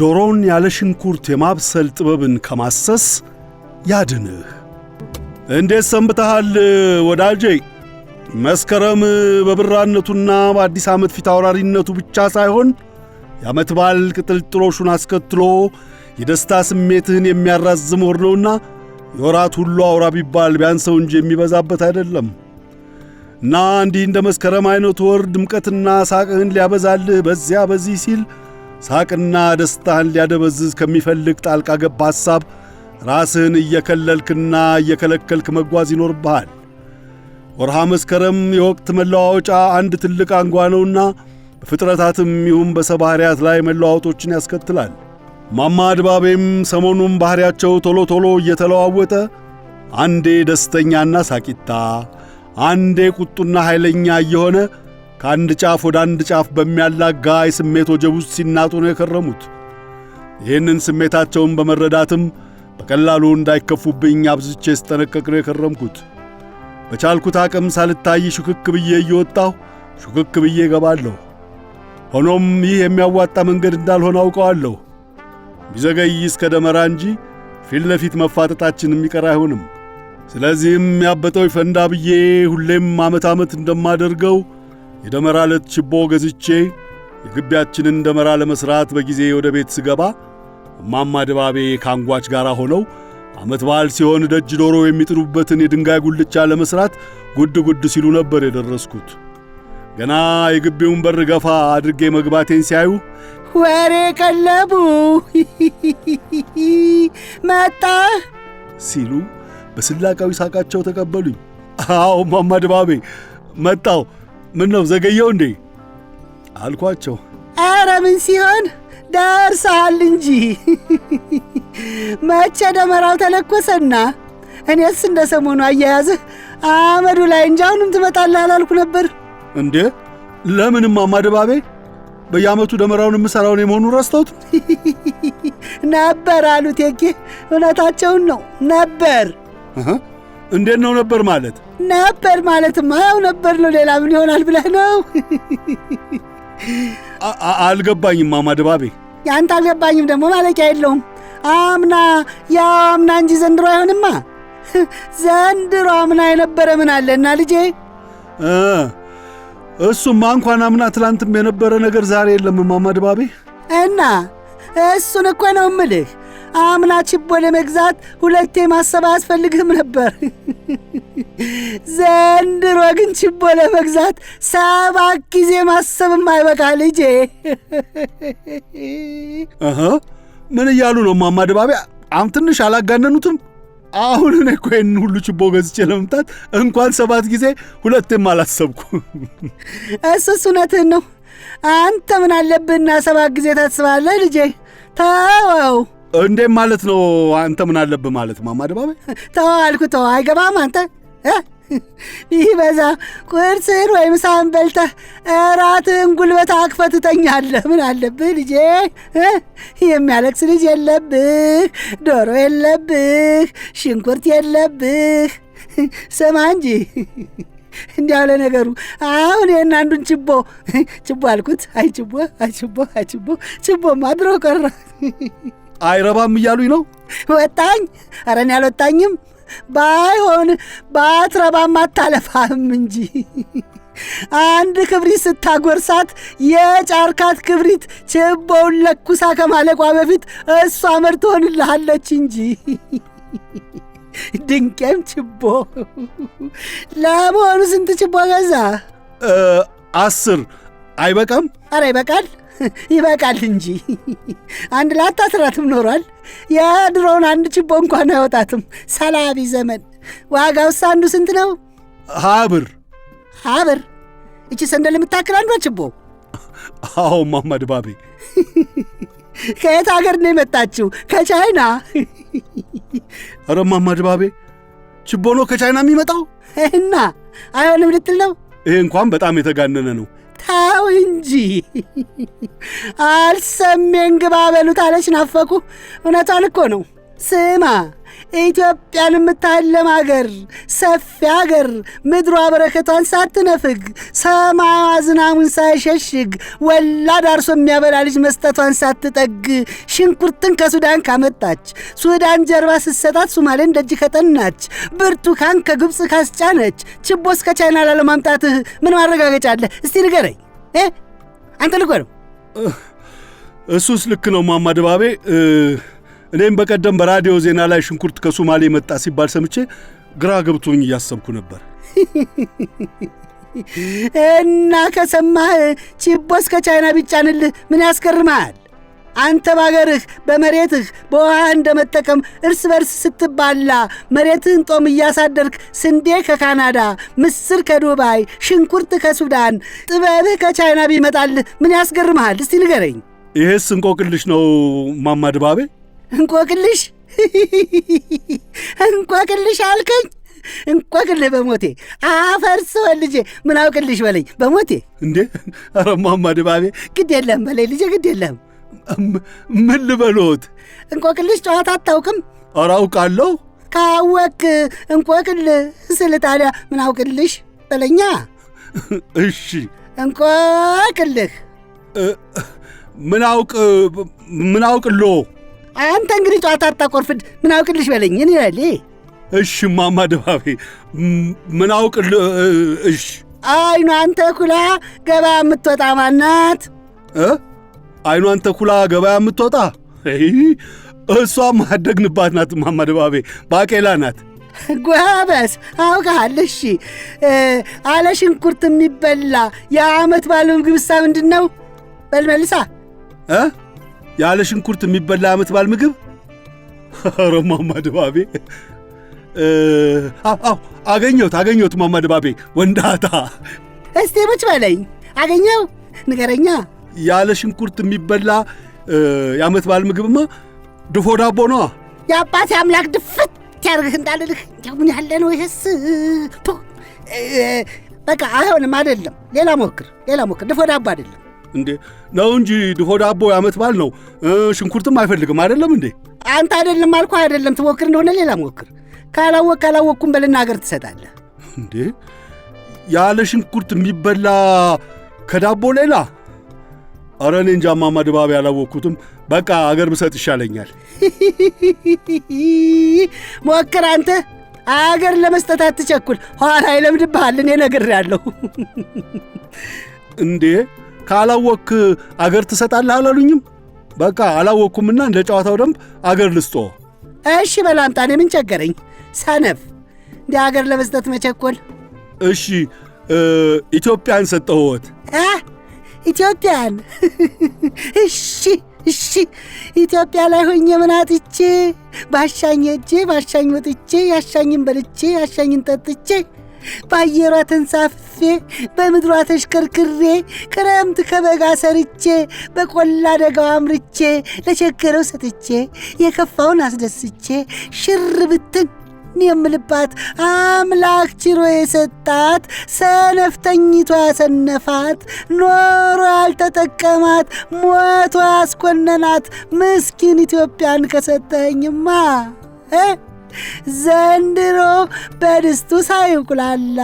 ዶሮን ያለ ሽንኩርት የማብሰል ጥበብን ከማሰስ ያድንህ። እንዴት ሰንብተሃል ወዳጄ? መስከረም በብራነቱና በአዲስ ዓመት ፊት አውራሪነቱ ብቻ ሳይሆን የዓመት በዓል ቅጥልጥሎሹን አስከትሎ የደስታ ስሜትህን የሚያራዝም ወር ነውና የወራት ሁሉ አውራ ቢባል ቢያንሰው እንጂ የሚበዛበት አይደለም እና እንዲህ እንደ መስከረም አይነቱ ወር ድምቀትና ሳቅህን ሊያበዛልህ በዚያ በዚህ ሲል ሳቅና ደስታህን ሊያደበዝዝ ከሚፈልግ ጣልቃ ገባ ሐሳብ ራስህን እየከለልክና እየከለከልክ መጓዝ ይኖርብሃል። ወርሃ መስከረም የወቅት መለዋወጫ አንድ ትልቅ አንጓ ነውና በፍጥረታትም ይሁን በሰብ ላይ መለዋወጦችን ያስከትላል። ማማ አድባቤም ሰሞኑን ባሕርያቸው ቶሎ ቶሎ እየተለዋወጠ አንዴ ደስተኛና ሳቂታ፣ አንዴ ቁጡና ኃይለኛ እየሆነ ከአንድ ጫፍ ወደ አንድ ጫፍ በሚያላጋ የስሜት ወጀብ ውስጥ ሲናጡ ነው የከረሙት። ይህንን ስሜታቸውን በመረዳትም በቀላሉ እንዳይከፉብኝ አብዝቼ ስጠነቀቅ ነው የከረምኩት። በቻልኩት አቅም ሳልታይ ሹክክ ብዬ እየወጣሁ ሹክክ ብዬ እገባለሁ። ሆኖም ይህ የሚያዋጣ መንገድ እንዳልሆነ አውቀዋለሁ። ቢዘገይ እስከ ደመራ እንጂ ፊት ለፊት መፋጠጣችን የሚቀር አይሆንም። ስለዚህም ያበጠው ይፈንዳ ብዬ ሁሌም ዓመት ዓመት እንደማደርገው የደመራ ዕለት ችቦ ገዝቼ የግቢያችንን ደመራ ለመሥራት በጊዜ ወደ ቤት ስገባ እማማ ድባቤ ከአንጓች ጋር ሆነው ዓመት በዓል ሲሆን ደጅ ዶሮ የሚጥዱበትን የድንጋይ ጉልቻ ለመሥራት ጉድ ጉድ ሲሉ ነበር የደረስኩት። ገና የግቢውን በር ገፋ አድርጌ መግባቴን ሲያዩ ወሬ ቀለቡ መጣ ሲሉ በስላቃዊ ሳቃቸው ተቀበሉኝ። አዎ እማማ ድባቤ መጣው ምን ነው ዘገየው እንዴ አልኳቸው። አረ ምን ሲሆን ደርሰሃል እንጂ መቼ ደመራው ተለኮሰና እኔስ እንደ ሰሞኑ አያያዝህ አመዱ ላይ እንጂ አሁንም ትመጣለህ አላልኩ ነበር እንዴ? ለምንም አማደባቤ በየአመቱ ደመራውን የምሠራውን የመሆኑን ረስተውት ነበር አሉት ቴጌ። እውነታቸውን ነው ነበር። እንዴት ነው ነበር ማለት ነበር ማለት ያው ነበር ነው። ሌላ ምን ይሆናል ብለህ ነው? አልገባኝም ማማ ድባቤ። ያንተ አልገባኝም ደግሞ ማለቂያ የለውም። አምና ያው አምና እንጂ ዘንድሮ አይሆንማ። ዘንድሮ አምና የነበረ ምን አለና ልጄ። እሱማ እንኳን አምና ትላንትም የነበረ ነገር ዛሬ የለም ማማ ድባቤ። እና እሱን እኮ ነው እምልህ አምና ችቦ ለመግዛት ሁለቴ ማሰብ አያስፈልግም ነበር። ዘንድሮ ግን ችቦ ለመግዛት ሰባት ጊዜ ማሰብም አይበቃ ልጄ። ምን እያሉ ነው ማማ ድባቤ? አም ትንሽ አላጋነኑትም? አሁን እኔ እኮ ይህን ሁሉ ችቦ ገዝቼ ለመምጣት እንኳን ሰባት ጊዜ ሁለቴም አላሰብኩ። እሱስ እውነትህን ነው። አንተ ምን አለብህና ሰባት ጊዜ ታስባለህ ልጄ? ተወው። እንዴ ማለት ነው። አንተ ምን አለብህ ማለት ማማ ድባቤ፣ ተው አልኩ ተው። አይገባም አንተ ይህ በዛ ቁርስን ወይም ሳን በልተህ እራትህን ጉልበት አቅፈህ ትተኛለህ። ምን አለብህ ልጄ? የሚያለቅስ ልጅ የለብህ፣ ዶሮ የለብህ፣ ሽንኩርት የለብህ። ስማ እንጂ እንዲያው ለነገሩ አሁን ይህን አንዱን ችቦ ችቦ አልኩት። አይ ችቦ አይ ችቦ አይ ችቦ ችቦማ ድሮ ቀራ። አይረባም እያሉኝ ነው። ወጣኝ? ኧረ እኔ አልወጣኝም። ባይሆን ባትረባም አታለፋም እንጂ አንድ ክብሪት ስታጎርሳት የጫርካት ክብሪት ችቦውን ለኩሳ ከማለቋ በፊት እሷ መር ትሆንልሃለች እንጂ ድንቄም ችቦ። ለመሆኑ ስንት ችቦ ገዛ? አስር አይበቃም? አረ ይበቃል። ይበቃል እንጂ አንድ ላታ ስራትም ኖሯል። የድሮውን አንድ ችቦ እንኳን አይወጣትም። ሰላቢ ዘመን ዋጋውስ አንዱ ስንት ነው? ሀብር ሀብር እቺ ሰንደል የምታክል አንዷ ችቦ። አዎ ማማ ድባቤ፣ ከየት አገር ነው የመጣችው? ከቻይና። ኧረ ማማ ድባቤ ችቦ ነው ከቻይና የሚመጣው እና አይሆንም ልትል ነው? ይሄ እንኳን በጣም የተጋነነ ነው። ተው እንጂ አልሰሜን ግባ በሉት አለች ናፈቁ። እውነቷን እኮ ነው። ስማ ኢትዮጵያን የምታለም አገር ሰፊ አገር ምድሯ በረከቷን ሳትነፍግ ሰማያዋ ዝናሙን ሳይሸሽግ ወላድ አርሶ የሚያበላ ልጅ መስጠቷን ሳትጠግ ሽንኩርትን ከሱዳን ካመጣች ሱዳን ጀርባ ስትሰጣት ሱማሌን ደጅ ከጠናች ብርቱካን ከግብፅ ካስጫነች ችቦ እስከ ቻይና ላለማምጣትህ ምን ማረጋገጫ አለ? እስቲ ንገረኝ። አንተ ልኮ ነው። እሱስ ልክ ነው ማማ ድባቤ እኔም በቀደም በራዲዮ ዜና ላይ ሽንኩርት ከሶማሌ መጣ ሲባል ሰምቼ ግራ ገብቶኝ እያሰብኩ ነበር። እና ከሰማህ እስከ ከቻይና ቢጫንልህ ምን ያስገርማል? አንተ በአገርህ በመሬትህ በውሃህ እንደመጠቀም እርስ በርስ ስትባላ መሬትህን ጦም እያሳደርክ ስንዴ ከካናዳ፣ ምስር ከዱባይ፣ ሽንኩርት ከሱዳን፣ ጥበብህ ከቻይና ቢመጣልህ ምን ያስገርመሃል? እስቲ ንገረኝ። ይሄስ እንቆቅልሽ ነው ማማ ድባቤ። እንቆቅልሽ እንቆቅልሽ አልከኝ? እንቆቅልህ በሞቴ አፈርሰው ልጄ፣ ምን አውቅልሽ በለኝ በሞቴ። እንዴ ኧረ እማማ ድባቤ፣ ግድ የለም በለኝ ልጄ፣ ግድ የለም። ምን ልበሎት? እንቆቅልሽ ጨዋታ አታውቅም? ኧረ አውቃለሁ። ካወክ እንቆቅል ስል ታዲያ ምን አውቅልሽ በለኛ። እሺ እንቆቅልህ ምን አውቅ ምን አውቅሎ አንተ እንግዲህ ጨዋታ አታቆርፍድ፣ ምን አውቅልሽ በለኝን ይላል። እሽ ማማ ድባቤ ምን አውቅል። እሽ አይኗ አንተ ኩላ ገበያ የምትወጣ ማናት? አይኗ አንተ ኩላ ገበያ የምትወጣ እሷ ማደግንባት ናት። ማማ ድባቤ ባቄላ ናት። ጓበስ አውቃሃል። እሺ አለ ሽንኩርት የሚበላ የአመት ባለ ምግብ ምሳ ምንድን ነው? በልመልሳ ያለ ሽንኩርት የሚበላ ዓመት ባል ምግብ ኧረ ማማ ድባቤ አገኘሁት አገኘሁት ማማ ድባቤ ወንዳታ እስቲ ቁጭ በለኝ አገኘው ንገረኛ ያለ ሽንኩርት የሚበላ የዓመት ባል ምግብማ ድፎ ዳቦ ነ የአባት አምላክ ድፍት ያርግህ እንዳልልህ ያሁን ያለ ነው ይህስ በቃ አይሆንም አይደለም ሌላ ሞክር ሌላ ሞክር ድፎ ዳቦ አይደለም እንዴ ነው እንጂ ድፎ ዳቦ ያመት ባል ነው። ሽንኩርትም አይፈልግም አይደለም እንዴ? አንተ አይደለም አልኳ አይደለም። ትሞክር እንደሆነ ሌላ ሞክር። ካላወቅ ካላወቅኩም በልና ሀገር ትሰጣለህ እንዴ? ያለ ሽንኩርት የሚበላ ከዳቦ ሌላ? ኧረ እኔ እንጃ እማማ ድባብ ያላወቅኩትም። በቃ አገር ብሰጥ ይሻለኛል። ሞክር አንተ አገር ለመስጠት አትቸኩል። ኋላ ይለምድብሃል። እኔ ነግሬያለሁ እንዴ ካላወክ አገር ትሰጣለህ አላሉኝም? በቃ አላወቅኩምና እንደ ጨዋታው ደንብ አገር ልስጦ። እሺ በላምጣ፣ እኔ ምን ቸገረኝ? ሰነፍ እንደ አገር ለመስጠት መቸኮል። እሺ ኢትዮጵያን ሰጠሁት። ኢትዮጵያን እሺ እሺ ኢትዮጵያ ላይ ሆኜ ምን አጥቼ ባሻኝ ሄጄ ባሻኝ ወጥቼ ያሻኝን በልቼ ያሻኝን ጠጥቼ በአየሯ ተንሳፍ ለፍፌ በምድሯ ተሽከርክሬ ክረምት ከበጋ ሰርቼ በቆላ ደጋው አምርቼ ለቸገረው ሰጥቼ የከፋውን አስደስቼ ሽር ብትን የምልባት አምላክ ችሮ የሰጣት ሰነፍተኝቷ ያሰነፋት ኖሮ ያልተጠቀማት ሞቶ ያስኮነናት ምስኪን ኢትዮጵያን ከሰጠኝማ ዘንድሮ በድስቱ ሳይንቁላላ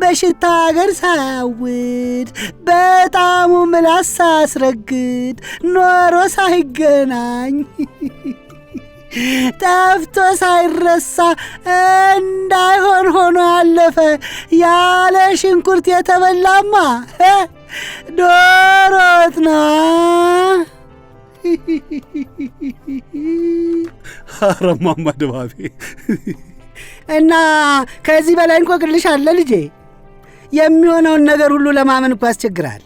በሽታ ሀገር ሳያውድ በጣሙ ምላስ ሳያስረግድ ኖሮ ሳይገናኝ ጠፍቶ ሳይረሳ እንዳይሆን ሆኖ ያለፈ ያለ ሽንኩርት የተበላማ ዶሮ ወጥ ነው። አረማማ ድባቤ እና ከዚህ በላይ እንቆቅልሽ አለ ልጄ። የሚሆነውን ነገር ሁሉ ለማመን እኮ ያስቸግራል።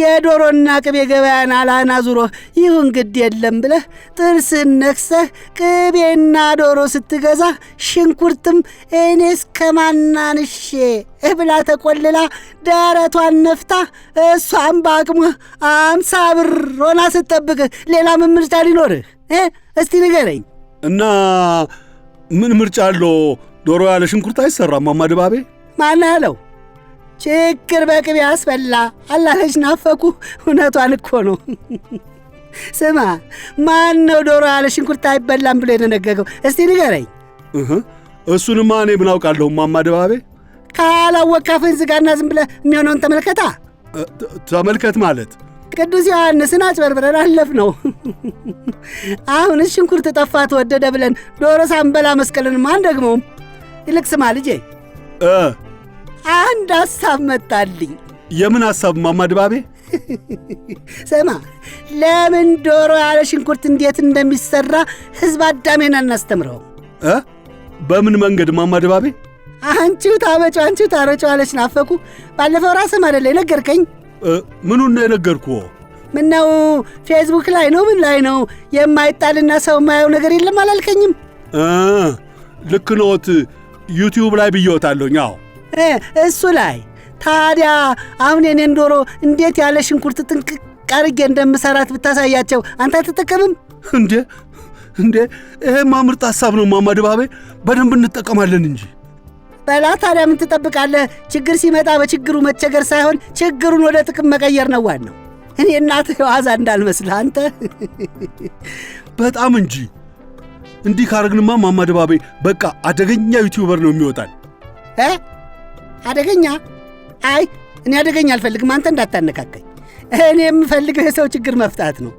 የዶሮና ቅቤ ገበያን አላና ዙሮ ይሁን ግድ የለም ብለህ ጥርስን ነክሰህ ቅቤና ዶሮ ስትገዛ ሽንኩርትም እኔስ ከማናንሼ ብላ ተቆልላ ደረቷን ነፍታ እሷም በአቅሙ አምሳ ብር ሆና ስትጠብቅህ ሌላ ምን ምርጫ ሊኖርህ? እስቲ ንገረኝ። እና ምን ምርጫ አለው? ዶሮ ያለ ሽንኩርት አይሰራም። ማማ ድባቤ ማን ያለው? ችግር በቅቤ አስፈላ አላለች። ናፈኩ እውነቷን እኮ ነው። ስማ ማን ነው ዶሮ ያለ ሽንኩርት አይበላም ብሎ የደነገገው? እስቲ ንገረኝ። እሱንማ እኔ ምን አውቃለሁ ማማ ደባቤ። ካላወቅ አፍህን ዝጋና ዝም ብለ የሚሆነውን ተመልከታ። ተመልከት ማለት ቅዱስ ዮሐንስን አጭበርብረን አለፍ ነው። አሁን ሽንኩርት ጠፋ ተወደደ ብለን ዶሮ ሳንበላ መስቀልን ማን ደግሞም። ይልቅ ስማ ልጄ አንድ ሐሳብ መጣልኝ። የምን ሐሳብ ማማ ድባቤ? ሰማ ለምን ዶሮ ያለ ሽንኩርት እንዴት እንደሚሠራ ሕዝብ አዳሜን አናስተምረው? በምን መንገድ ማማ ድባቤ? አንቺው ታበጩ አንቺው ታረጩ አለች ናፈኩ። ባለፈው ራስም አደለ የነገርከኝ? ምኑን ነው የነገርኩ? ምነው ፌስቡክ ላይ ነው ምን ላይ ነው የማይጣልና ሰው የማየው ነገር የለም አላልከኝም? ልክ ነዎት። ዩቲዩብ ላይ ብየወታለሁ። አዎ እሱ ላይ ታዲያ አሁን የኔን ዶሮ እንዴት ያለ ሽንኩርት ጥንቅቅ አርጌ እንደምሰራት ብታሳያቸው አንተ አትጠቀምም እንዴ? እንዴ ይሄማ ምርጥ ሀሳብ ነው ማማ ድባቤ፣ በደንብ እንጠቀማለን እንጂ። በላ ታዲያ ምን ትጠብቃለህ? ችግር ሲመጣ በችግሩ መቸገር ሳይሆን ችግሩን ወደ ጥቅም መቀየር ነው ዋናው። እኔ እናትህ የዋዛ እንዳልመስል አንተ። በጣም እንጂ እንዲህ ካረግንማ ማማ ድባቤ በቃ አደገኛ ዩቲዩበር ነው የሚወጣል። አደገኛ? አይ እኔ አደገኛ አልፈልግም። አንተ እንዳታነካከኝ። እኔ የምፈልግህ ሰው ችግር መፍታት ነው።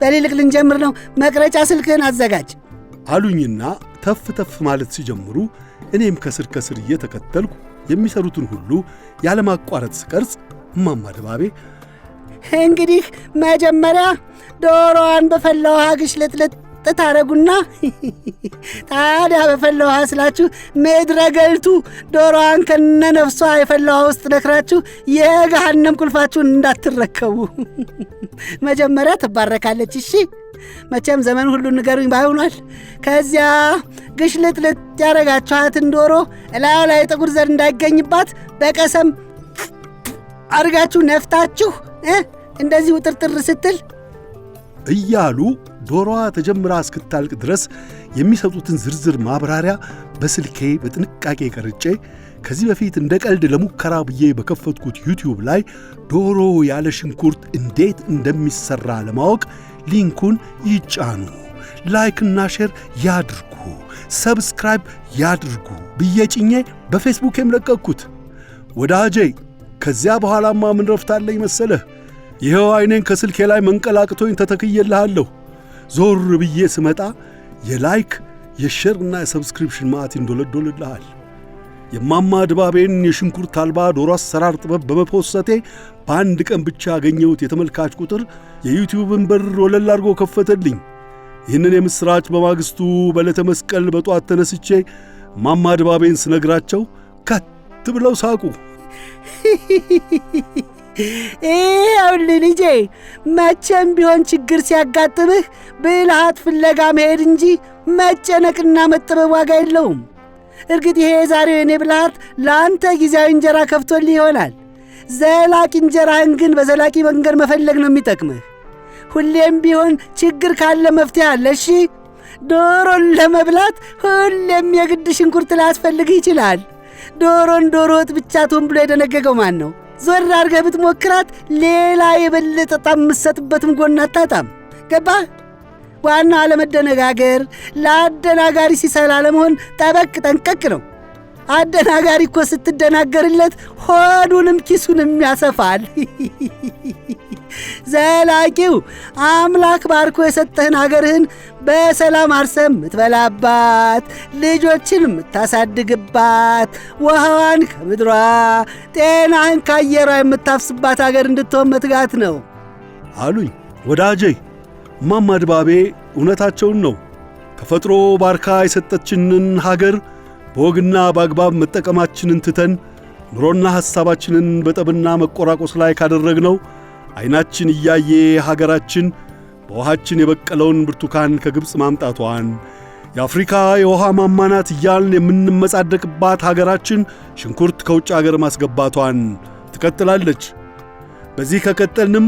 በሊልቅ ልንጀምር ነው። መቅረጫ ስልክህን አዘጋጅ አሉኝና ተፍ ተፍ ማለት ሲጀምሩ እኔም ከስር ከስር እየተከተልኩ የሚሰሩትን ሁሉ ያለማቋረጥ ስቀርጽ እማማ ድባቤ እንግዲህ መጀመሪያ ዶሮዋን በፈላ ውሃ ግሽልጥልጥ ታረጉና ታዲያ በፈላ ውሃ ስላችሁ ምድረ ገልቱ ዶሮዋን ከነ ነፍሷ የፈላ ውሃ ውስጥ ነክራችሁ የገሃነም ቁልፋችሁን እንዳትረከቡ። መጀመሪያ ትባረካለች። እሺ መቼም ዘመን ሁሉ ንገሩኝ ባይሆኗል። ከዚያ ግሽልጥልጥ ያረጋችኋትን ዶሮ እላዩ ላይ ጥቁር ዘር እንዳይገኝባት በቀሰም አድርጋችሁ ነፍታችሁ እንደዚህ ውጥርጥር ስትል እያሉ ዶሮዋ ተጀምራ እስክታልቅ ድረስ የሚሰጡትን ዝርዝር ማብራሪያ በስልኬ በጥንቃቄ ቀርጬ ከዚህ በፊት እንደ ቀልድ ለሙከራ ብዬ በከፈትኩት ዩቲዩብ ላይ ዶሮ ያለ ሽንኩርት እንዴት እንደሚሰራ ለማወቅ ሊንኩን ይጫኑ፣ ላይክና ሼር ያድርጉ፣ ሰብስክራይብ ያድርጉ ብዬ ጭኜ በፌስቡክ የምለቀቅኩት ወዳጄ። ከዚያ በኋላማ ምን ረፍታለኝ መሰለህ? ይኸው ዐይኔን ከስልኬ ላይ መንቀላቅቶኝ ተተክየልሃለሁ። ዞር ብዬ ስመጣ የላይክ የሸርና የሰብስክሪፕሽን ማዕት ይንዶለዶልልሃል። የማማ ድባቤን የሽንኩርት አልባ ዶሮ አሰራር ጥበብ በመፖሰቴ በአንድ ቀን ብቻ ያገኘሁት የተመልካች ቁጥር የዩቲዩብን በር ወለል አድርጎ ከፈተልኝ። ይህንን የምሥራች በማግስቱ በዕለተ መስቀል በጠዋት ተነስቼ ማማ ድባቤን ስነግራቸው ከት ብለው ሳቁ። ይኸውልህ ልጄ መቼም ቢሆን ችግር ሲያጋጥምህ ብልሃት ፍለጋ መሄድ እንጂ መጨነቅና መጥበብ ዋጋ የለውም። እርግጥ ይሄ የዛሬው የኔ ብልሃት ለአንተ ጊዜያዊ እንጀራ ከፍቶልህ ይሆናል። ዘላቂ እንጀራህን ግን በዘላቂ መንገድ መፈለግ ነው የሚጠቅምህ። ሁሌም ቢሆን ችግር ካለ መፍትሄ አለ። እሺ፣ ዶሮን ለመብላት ሁሌም የግድ ሽንኩርት ላያስፈልግህ ይችላል። ዶሮን ዶሮ ወጥ ብቻ ቶን ብሎ የደነገገው ማን ነው? ዞር አድርገህ ብትሞክራት ሌላ የበለጠ ጣም የምትሰጥበትም ጎን አታጣም። ገባ ዋና አለመደነጋገር፣ ለአደናጋሪ ሲሰል አለመሆን ጠበቅ ጠንቀቅ ነው። አደናጋሪ እኮ ስትደናገርለት ሆዱንም ኪሱንም ያሰፋል። ዘላቂው አምላክ ባርኮ የሰጠህን አገርህን በሰላም አርሰም የምትበላባት፣ ልጆችን የምታሳድግባት፣ ውሃዋን ከምድሯ ጤናህን ከአየሯ የምታፍስባት አገር እንድትሆን መትጋት ነው አሉኝ። ወዳጄ እማማ ድባቤ እውነታቸውን ነው። ተፈጥሮ ባርካ የሰጠችንን ሀገር በወግና በአግባብ መጠቀማችንን ትተን ኑሮና ሐሳባችንን በጠብና መቆራቆስ ላይ ካደረግነው ዐይናችን እያየ ሀገራችን በውሃችን የበቀለውን ብርቱካን ከግብፅ ማምጣቷን የአፍሪካ የውሃ ማማናት እያልን የምንመጻደቅባት ሀገራችን ሽንኩርት ከውጭ አገር ማስገባቷን ትቀጥላለች። በዚህ ከቀጠልንም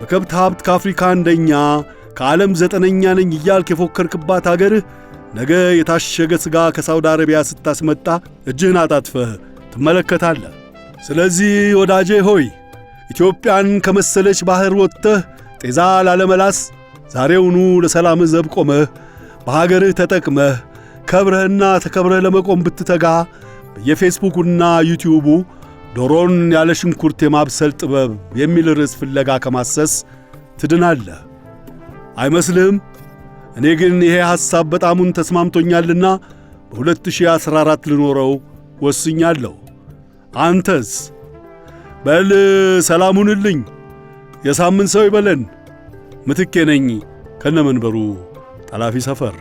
በከብት ሀብት ከአፍሪካ አንደኛ ከዓለም ዘጠነኛ ነኝ እያልክ የፎከርክባት አገርህ ነገ የታሸገ ሥጋ ከሳውዲ አረቢያ ስታስመጣ እጅህን አጣጥፈህ ትመለከታለህ። ስለዚህ ወዳጄ ሆይ ኢትዮጵያን ከመሰለች ባሕር ወጥተህ ጤዛ ላለመላስ ዛሬውኑ ለሰላምህ ዘብ ቆመህ በሀገርህ ተጠቅመህ ከብረህና ተከብረህ ለመቆም ብትተጋ በየፌስቡኩና ዩቲዩቡ ዶሮን ያለ ሽንኩርት የማብሰል ጥበብ የሚል ርዕስ ፍለጋ ከማሰስ ትድናለህ አይመስልህም? እኔ ግን ይሄ ሐሳብ በጣሙን ተስማምቶኛልና በ2014 ልኖረው ወስኛለሁ። አንተስ? በል ሰላሙንልኝ የሳምንት ሰው ይበለን። ምትኬ ነኝ ከነመንበሩ ጠላፊ ሰፈር